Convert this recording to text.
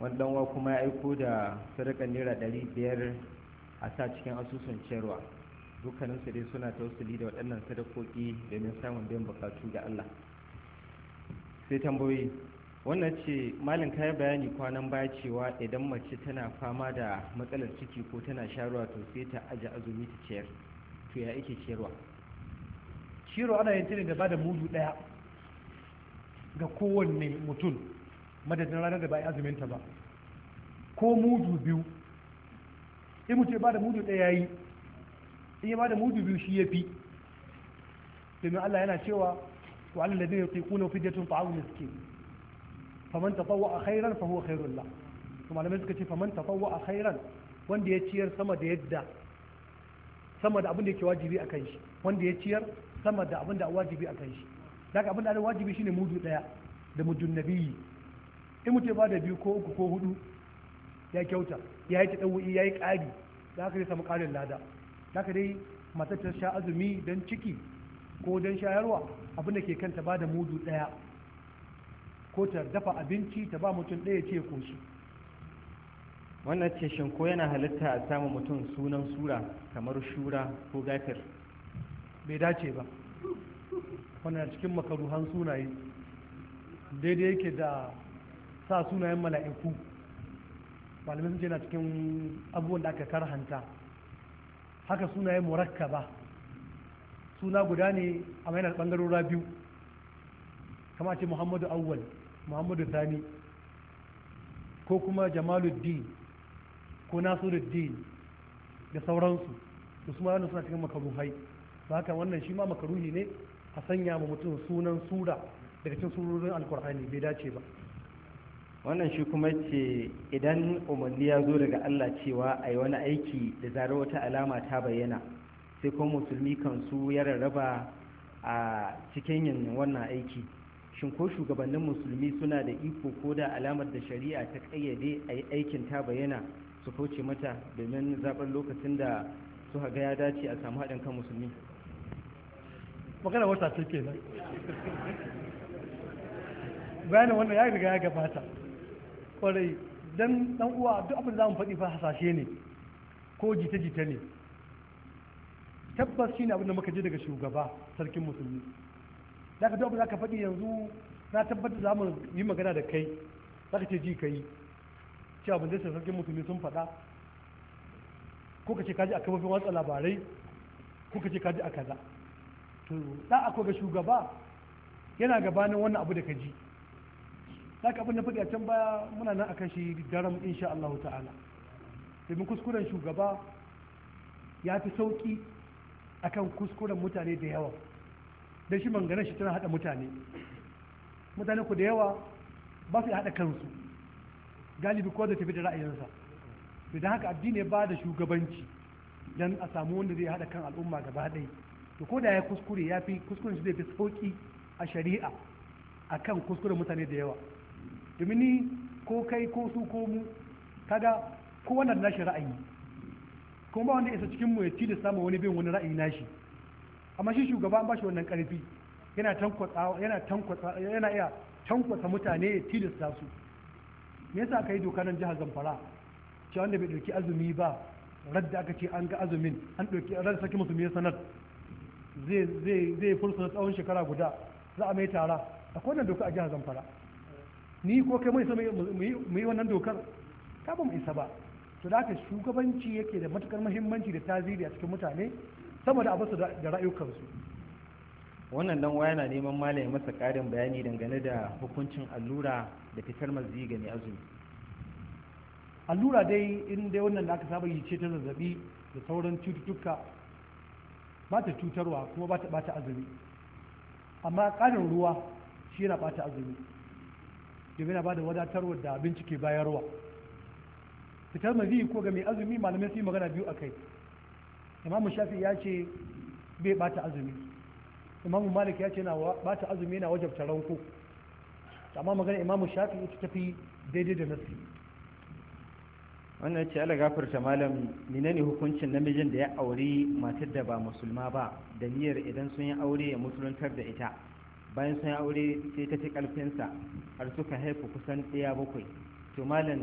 wani ɗanwa kuma ya aiko da sadakar naira ɗari biyar a sa cikin asusun ciyarwa dukkaninsu dai suna wasu da waɗannan sadakoki domin samun biyan bukatu da allah sai tambayoyi wannan ce malin kayan bayani kwanan baya cewa idan mace tana fama da matsalar ciki ko tana sharuwa to sai ta aji azumi ta ciyar to ya ake ciyarwa ciyarwa ana yin tunin da ba da mudu ɗaya ga kowanne mutum madadin ranar da ba azumin ta ba ko mudu biyu in mutum ba da mudu ɗaya yayi in ya da mudu biyu shi ya fi domin Allah yana cewa wa Allah ladina yuqiquna fidyatun ta'amu miskin faman tatawwa khairan fa huwa khairul la. to malamai suka ce faman tatawwa khairan wanda ya ciyar sama da yadda sama da abin da yake wajibi a kan shi wanda ya ciyar sama da abin da wajibi a kan shi daga abin da wajibi shine mudu ɗaya, da mudun nabiyyi in mutum ba da biyu ko uku ko hudu ya kyauta ya yi taɗawu'i ya yi ƙari za ka dai samu ƙarin lada za ka dai matattar ta sha azumi don ciki ko don shayarwa abin da ke kanta ba da mudu ɗaya ko ta dafa abinci ta ba mutum ɗaya ce koshi wannan ce shin ko yana halitta a samu mutum sunan sura kamar shura ko gafir bai dace ba wannan cikin makaruhan sunaye daidai yake da sa sunayen mala'iku malamai sun ce na cikin abubuwan da aka karhanta haka sunayen murakkaba suna guda ne a mainar bangarora biyu kama ce muhammadu awwal muhammadu sani ko kuma jamaluddin ko nasiruddin da sauransu da su suna cikin makaruhai ba haka wannan shi ma makaruhi ne a sanya wa mutum sunan sura daga cikin surorin alkur'ani bai dace ba wannan shi kuma ce idan umarni ya zo daga Allah cewa a yi wani aiki da zarar wata alama ta bayyana sai kuma musulmi kansu ya rarraba a cikin yin wannan aiki shin ko shugabannin musulmi suna da iko ko da alamar da shari'a ta kayyade a yi aikin ta bayyana su kauce mata domin zaɓar lokacin da su haga ya dace a samu haɗin kan musulmi magana wata ce bayanin wannan ya riga ya gabata kwarai don dan uwa duk abin da mu faɗi fa hasashe ne ko jita-jita ne tabbas shine abin da muka ji daga shugaba sarkin musulmi zaka duk abin da ka faɗi yanzu na tabbata za mu yi magana da kai za ka ce ji kai cewa abin da sarkin musulmi sun faɗa ko ka ce kaji a kafofin watsa labarai ko ka ce kaji a kaza to da akwai ga shugaba yana gabanin wannan abu da ka ji haka abin da faɗi a can baya muna nan akan shi daram insha Allah ta'ala domin kuskuren shugaba ya fi sauki akan kuskuren mutane da yawa da shi mangana shi tana haɗa mutane mutane ku da yawa ba su haɗa kansu galibi ko da tafi da ra'ayinsa idan haka addini ba da shugabanci don a samu wanda zai haɗa kan al'umma gaba ɗaya to ko da ya kuskure ya fi kuskuren shi zai fi sauki a shari'a akan kuskuren mutane da yawa domin ni ko kai ko su ko mu kaga ko wannan nashi ra'ayi kuma ba wanda isa cikin mu ya da samu wani bin wani ra'ayi nashi amma shi shugaba an bashi wannan karfi yana tankwatsa yana tankwatsa yana iya tankwatsa mutane ya ci da su me yasa aka yi doka nan jihar Zamfara cewa wanda bai dauki azumi ba radda aka ce an ga azumin an dauki radda saki musu me sanar zai zai zai fursa tsawon shekara guda za a mai tara akwai wannan doka a jihar Zamfara ni ko kai mai so mu yi wannan dokar ta ba mu isa ba to da haka shugabanci yake da matukar muhimmanci da taziri a cikin mutane saboda abu da ra'ayukansu wannan dan waya na neman malami masa karin bayani dangane da hukuncin allura da fitar mazi ga azumi allura dai in dai wannan da aka saba yi ce ta zazzabi da sauran cututtuka ba ta cutarwa kuma ba ta azumi amma karin ruwa shi yana bata azumi domin na da wadatarwa da abinci ke bayarwa fitar mazi ko ga mai azumi malamai su yi magana biyu a kai imamu shafi ya ce bai bata azumi imamu malik ya ce na bata azumi yana wajabta ranko amma magana imamu shafi ita ta fi daidai da nasi wannan ce ala gafarta malam ne hukuncin namijin da ya auri matar da ba musulma ba da niyyar idan sun yi aure ya musuluntar da ita bayan sun aure sai ta ci ƙarfinsa har suka haifu kusan ɗaya bakwai to malam